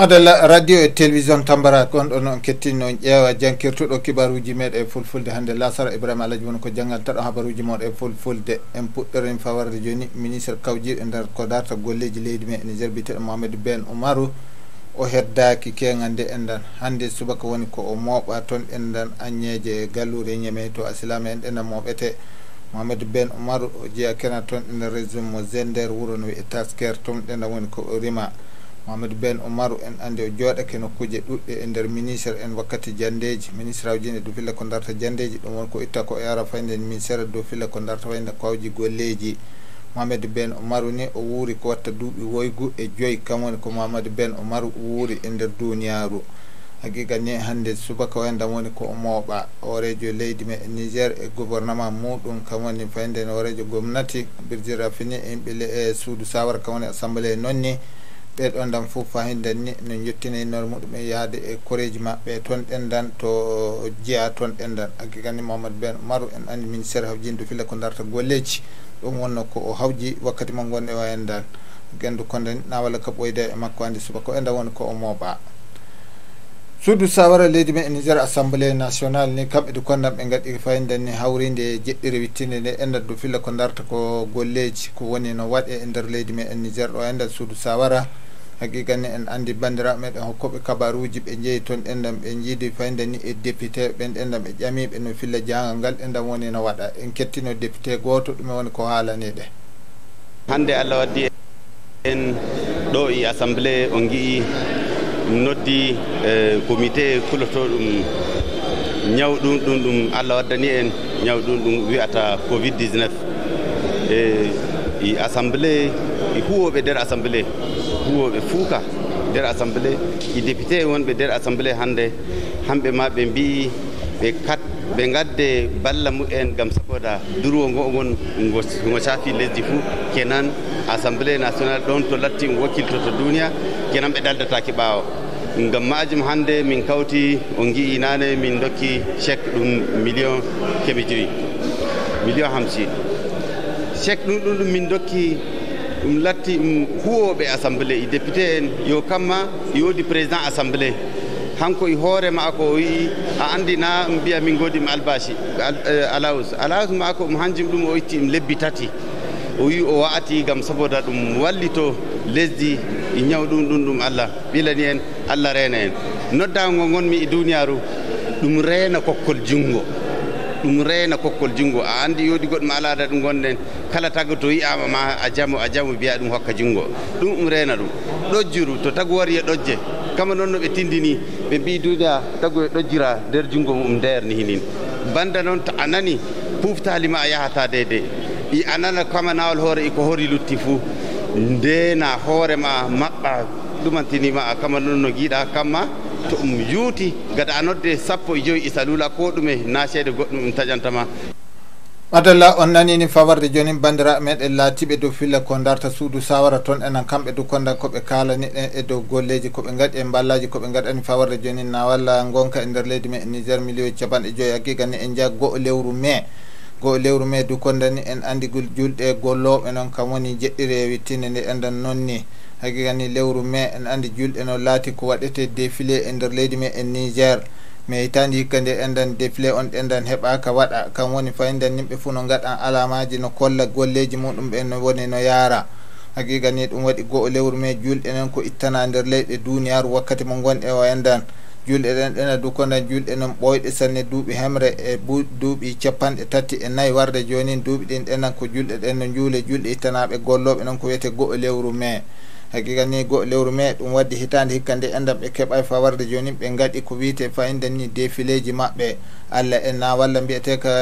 adala radio et télévision tambara kon ɗo noon kettino ƴeewa jankirtuɗo kibaruji meɗe e fulfulde hannde lasara ibrahima alaji woni ko janngal taɗo habaruji moɗo e fulfulde en puɗɗore en fawarde jooni ministre kawjiɗo e ndeer kodarta golleji leydi me nigér e biteɗo mohamadou ben oumarou o heddaki keŋal nde en dan hannde subaka woni ko o mooɓa toon en dan añeeje galluure ñeme to asilama en ɗena mooɓete mohamadou ben oumarou o jeeya kena toon ene régime mo zender wuro no wiye tasker toon ɗena woni ko rima mamadou ben oumarou en andi o e jooɗake nokkuje ɗuɗɗe e nder ministre en wakkati jandeji ministre aji nde dofille ko darta jandeji ɗum wonko itta ko e ara fayde ministére dofille ko darta fayde kawji golleji mamadou ben oumarou ni o wuuri ko watta duuɓi woygu e joyi kamwoni ko mamadou ben oumarou wuuri e nder duniyaru haqiqa ni hannde subaka wayndam woni ko mooɓa o rejo leydi me e niger e gouvernement muɗum kamwoni fayde no o rejo gomnati birdira fini e yimɓele e suudu sawara kamwoni assemblé noon ni ɓeɗon dam fof fayiden ni no jettinaynor muɗumen yahde e, e koreji maɓɓe toon ɗendan to jeeya toon ɗendan hakkikani mamadou ben maro en andi ministére hawjinde filla ko darta golleji ɗum wonno ko o hawji wakkati mo gon e o endan gendu konden na walla ka ɓoyde e makko andi subako enda woni ko o mooɓa suudu sawara leydi men e nigér assemblé national ni kamɓe ɗi kondam ɓe gaɗi fayiden ni hawride e jeɗɗiri wittinde nde endat do filla ko darta ko golleji ko woni no waɗe e nder leydi men e nigér ɗo enda suudu sawara haqiqani en andi bandiraɓe meɗen hokkoɓe kabaruji ɓe jeeyi toon ɗenɗam en jiidi fayde ni e député ɓen ɗenɗam e ɓe ƴamiɓe no filla jangal ngal ɗenɗam woni no waɗa en kettino député goto ɗume woni ko haalaniɗe hande allah waddi en ɗo e assemblée o guii noddi e comité kuloto ɗum ñaw ɗum ɗum ɗum allah waddani en ñaw ɗum ɗum wiyata covid 19 e, e assemblée huwoɓe nder assemblée huwoɓe fuuka nder assemblé i député wonɓe nder assemblé hannde hamɓe ma ɓe mbi ɓe kat ɓe gadde balla mumen gam saboda duruwo ngo gon ngo saafi lesdi fuu kenan assemblé national ɗon to latti o wakkilto to duniya kenan ɓe ɗaldatake ɓawo gam majum hannde min kawti o gui nane min dokki chek ɗum million kemi joyi million hamsin chek ɗum ɗum ɗum min dokki ɗum latti ɗum huwoɓe assemblé e député en yo kamma yoodi président assemblé hanko e hoore maako o wii a anndina um mbiya min godi mi albasi alaus eh, alaus maako um hanjum ɗum o itti um lebbi tati o wii o wa'ati gam saboda ɗum wallito lesdi e ñaw ɗum ɗum ɗum allah ɓilani en allah reena en noddago ngon mi e duniyaru ɗum reena kokkol junngo ɗum reena kokkol junngo a anndi yoodi goɗɗum alaada ɗum gonɗen kala tagu to yi'aama ma a jamo a jamo mbiya ɗum hokka junngo ɗum ɗum reena ɗum ɗojjuru to tagu wari e ɗojje kama noon no ɓe tindini ɓe mbi duuda tagu e ɗojjira nder junngo mum ni hinin banda noon to a nani puuftaali ma a yahata deydey i a nana kama nawol hoore iko e hori lutti fuu ndeena hoore ma maɓɓa ɗumantinima a kama noon no giiɗa kamma to ɗum yuuti gada a nodde sappo e joyi isa e luula ko ɗume naaseede goɗɗum ɗum tajantama madalla on nanini fawarde joni bandiraɓe meɗen laatiɓe dow filla ko darta suudu sawara toon enen kamɓe du kondan koɓe kalani ɗe e dow golleji koɓe gaɗi e ballaji koɓe gaɗani fawarde joni na walla gonka e nder leydi e e me e nigér milioji capanɗe joyi agigani en jaa goho lewru mai go lewru mai du kondani en andi julɗe golloɓe noon kam woni jeɗɗire wittinde nde enɗan noon ni hakkigani lewru mai en andi julɗe no laati ko waɗete défilé e nder leydi me en niger mais hitandi hikka nde endan défilé on ɗendan heɓaka waɗa kam woni fayidan yimɓe fuu no gaɗan alamaji no kolla golleji muɗum ɓe woni no yaara hakkigani ɗum waɗi goho lewru mai julɗe nen ko ittana nder leyɗe duniyaru wakkati mo gonɗe o endan julɗe ɗen ɗena dukodan julɗe non ɓoyɗe sanne duuɓi hemre e duuɓi capanɗe tati e nayyi warde joni duuɓi ɗin ɗenan ko julɗe ɗen no juule julɗe ittanaɓe golloɓe noon ko wiyete goho lewru mai haqiqani go lewru mai ɗum waddi hitande hikka nde endam ɓe keɓa fawarde joni ɓe gaɗi ko wiyte fayida e ni défilé ji maɓɓe allah en na walla mbiyete ka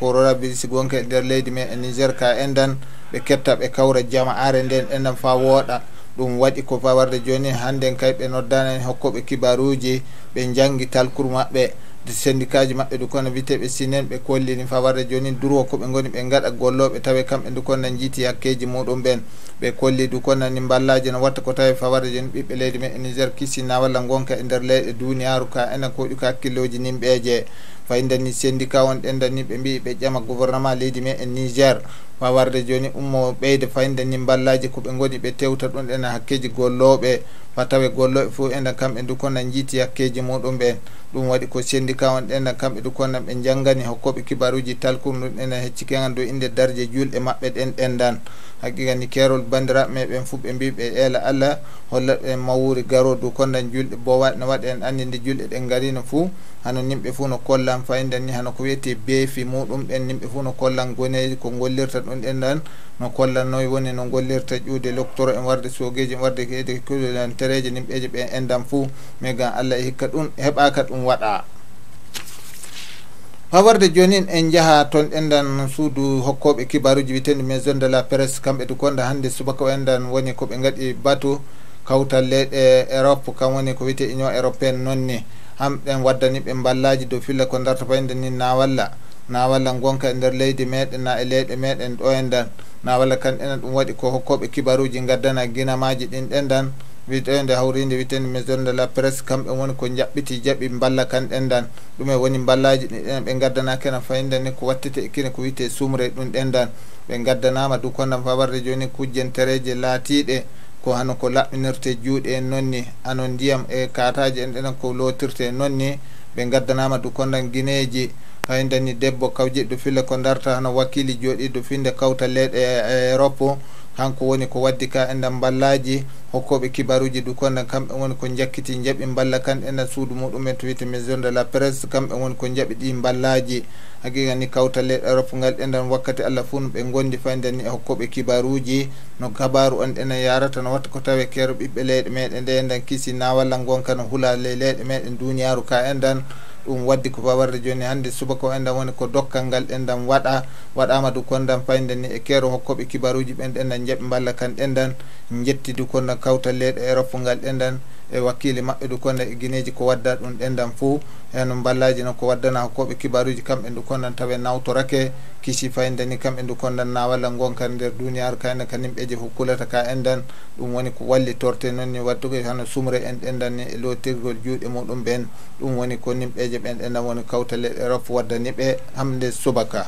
korora bisi gonke nder leydi me e niger ka endan ɓe ketta ɓe kawra jama are nden endam fa wooɗa ɗum waɗi ko fawarde joni hannden kay ɓe noddanen hokkoɓe kibaruji ɓe jangi talkour maɓɓe syndicat ji maɓɓe du kono witeɓe sinen ɓe kollini fawarde joni duro koɓe gooni ɓe gaɗa golloɓe tawi kamɓe du kono nan jiiti hakkeji muɗum ɓen ɓe kolli du kono ni ballaji no watta ko tawi fawarde joni ɓiɓɓe leydi me e nigér kisina walla gonka e nder leyɗe duniyaru ka enen koƴu ko hakkilloji nin ɓeje fayidani syndicat on ɗen dani ɓe mbi ɓe ƴama gouvernement leydi me e nigér ma warde joni ummo ɓeyde fayde ni ballaji koɓe goni ɓe tewta ɗum ɗen hakkeji gollooɓe fa tawe gollooɓe fo enen kamɓe dukona jiiti hakkeji muɗum ɓen ɗum waɗi ko sendika on ɗenen kamɓe dukona ɓe jangani hokkoɓe kibaruji talkum ɗum ɗenen hecciki an do inde darje julɗe maɓɓe ɗen ɗendan haqiqani kerol bandiraɓe meɓen fuu ɓe mbi ɓe eela allah hollaɓe mawuri garo du kondan julɗe bowa ne waɗa en andinde julɗe ɗen garino fuu hano nimɓe fuu no kollan fayiden ni hano ko wiyete beefi muɗum ɓen nimɓe fuu no kollan goneji ko gollirta ɗu ɗum ɗendan no kollannoy woni no gollirta ƴuude loctoro en warde sogeji en warde kede kulantereje nimɓeje ɓe endan fou mais gan allah e hikka ɗum heɓaka ɗum waɗa ha warde jonin en jaaha toon ɗendan suudu hokkoɓe kibaruji witeni mais zone de la presse kamɓe to konda hannde subaka endan woni koɓe gaɗi batu kawtal leyɗe europe kam woni ko wiyete union européenne noon ni hamɓen waddani ɓe ballaji dow filla ko darta payde ni nawalla na walla gonka e nder leydi meɗen na e leyɗe meɗen ɗo en dan na walla kamɗena ɗum waɗi ko hokkoɓe kibaruji gaddana guinamaji ɗin ɗen dan wiɗo nde hawride witende maison de la presse kamɓe woni ko jaɓɓiti jaɓi balla kanɗen dan ɗum e woni ballaji ɗiɗen ɓe gaddana kene fayidani ko wattete e kine ko wiite sumre ɗum ɗen dan ɓe gaddanama du kondam fawarde joni kujjentereje laatiɗe ko hano ko laɓɓinirte juuɗe en nonni ano ndiyam e kataji en ɗenen ko lotirte nonni ɓe gaddanama du kondam guineji hay dani debbo kawjiɗɗo file ko darta hano wakkili joɗiɗo finde kawta leɗe europe hanko woni ko waddi ka e nden ballaji hokkoɓe kibaruji ɗu konnen kamɓe woni ko jakkiti jaɓi balla kanɗe nden suudu muɗumen to wiyte maison de la presse kamɓe woni ko jaɓi ɗi ballaji haqiqa ni kawta leɗe europe ngal e nden wakkati allah fuu no ɓe gondi fay ndenni e hokkoɓe kibaruji no kabaru on ɗenen yarata no watta ko tawe kero ɓiɓɓe leyɗe meɗen nde e nden kiisi nawalla gonka no huula le leyɗe meɗen duniyaru ka e nden ɗum waddi ko pawarde joni hannde subaka enɗan woni ko dokkal ngal ɗenɗan waɗa waɗama du konɗan payde ni e keero hokkoɓe kibaruji ɓen ɗenɗan jeeɓe mballa kan ɗenɗan jettidu konɗan kawtal leeɗe e roppo ngal ɗenɗan e wakkile maɓɓe ɗo kono e guineji ko wadda ɗum ɗendan fou eno ballaji no ko waddana hokkoɓe kibaruji kamɓe ndu konnan tawa nawtorake kisi fayda ni kamɓe ndu konnan nawalla gonka nder duniyaru kayna ka nimɓeji hokkulata ka endan ɗum woni ko walli torte noonni wadduɓe hano sumre en ɗendan ni e lotirgol juuɗe muɗum ɓen ɗum woni ko nimɓeje ɓen ɗendan woni kawta leɗɗe rof waddaniɓe hamde subaka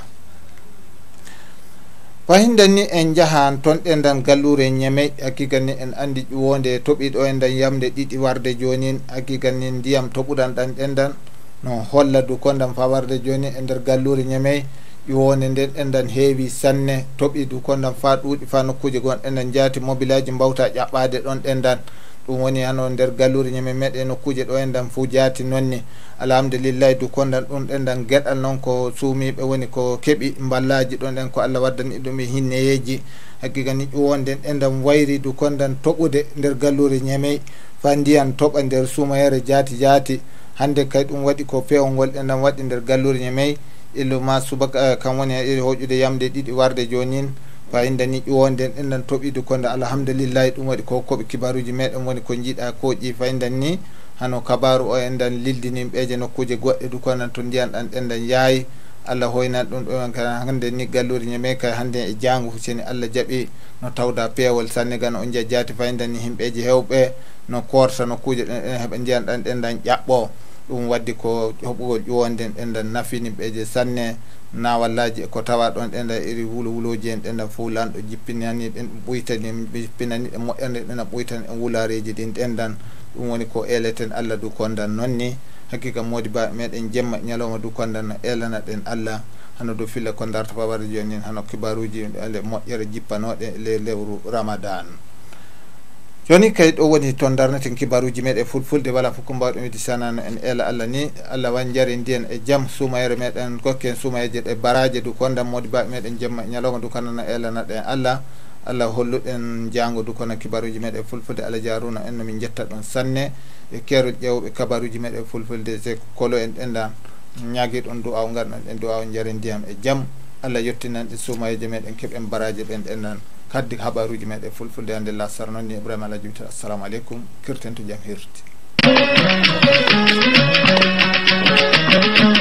fahinden ni en jahan ton ɗe dan gallure ñame hakkiganni en andi ƴuwonde toɓiɗo e dan yamde ɗiɗi warde jonin hakkiganni ndiyam toɓuɗan ɗan ɗendan no holla du ko dan fa warde joni e nder gallure ñame ƴuwonde nden en dan heewi sanne toɓi du ko dan fa ɗuuɗi fa nokkuji gon enen jaati mobil aji mbawta ƴaɓɓade ɗon ɗen dan ɗum woni ano nder galluri ñame meɗe nokkuji ɗo en dan fou jaati nonne alhamdulillah du kondan ɗum ɗen dan gueɗal noon ko suumiɓe woni ko keeɓi ballaji ɗon ɗen ko allah waddani e ɗum e hinneyeji hakkigani ƴuwonden ɗendan wayri du kondan toɓude nder galluri ñamey fa ndiyan toɓa nder suumayere jaati jaati hande kay ɗum waɗi ko pewolngol ɗendan waɗi nder galluri ñamey illu ma subaka eh, kam woni hoƴude yamde ɗiɗi warde jonin fayi dani ƴowonden ennan toɓiɗu konde alhamdulillahi ɗum waɗi ko koɓe kibaruji meɗen woni ko jiiɗa koƴi fayi danni hano kabaru o en dan lildinin ɓeje nokkuji goɗɗe du konan to ndiyan ɗan ɗen dan yaayi allah hoynan ɗum ɗumen kan hande ni gallure ñame kay hande e jaango fuseni allah jaaɓi no tawda peewol sanni gana o jia jaati fayi danni himɓeji hewɓe no korta nokkuji ɗen ɗen heeɓa ndiyan ɗan ɗen dan ƴaɓɓo ɗum waddi ko hoɓugol ƴowande ɗenɗan nafini ɓeje sanne na wallaji ko tawa ɗon ɗenɗan iri wulo wuloji en ɗenɗan fo lanɗo jippinani ɗen ɓoytani jippinani ɗe moƴƴande ɗenɗan ɓoytan e wulareji ɗin ɗenɗan ɗum woni ko eleten allah du kondan nonni hakkika modi ba meɗen jemma ñalawma du kondan no elana ɗen allah hano do filla ko darta pabar joni hano kibaruji ale moƴƴere jippanoɗe le lewru ramadan joni kay ɗo woni toon darneten kibaruji meɗe fulfulde wala fof ko mbawɗum wiide sanan en ela allah ni allah wan jari ndiyen e jaam suumayere meɗen gokken suumayeje ɗe baraje du kondam modi baɓe meɗen jemma e ñalawma du kanana elanaɗe en allah allah holluɗen jango du kono kibaruji meɗe fulfulde allah jaruna en nomin jetta ɗon sanne e keero ƴewɓe kabaruji meɗe fulfulde se kolo en ɗenda ñagui ɗon du aw garnoɗen du aw jari ndiyam e jaam allah yettinanɗe suumayeje meɗen keeɓen baraje ɓen ɗendan hadde habaruji meɗe fulfulde hande lasara noon ni ibrahima alaji wita assalamu aleykum kirten to jaam hirti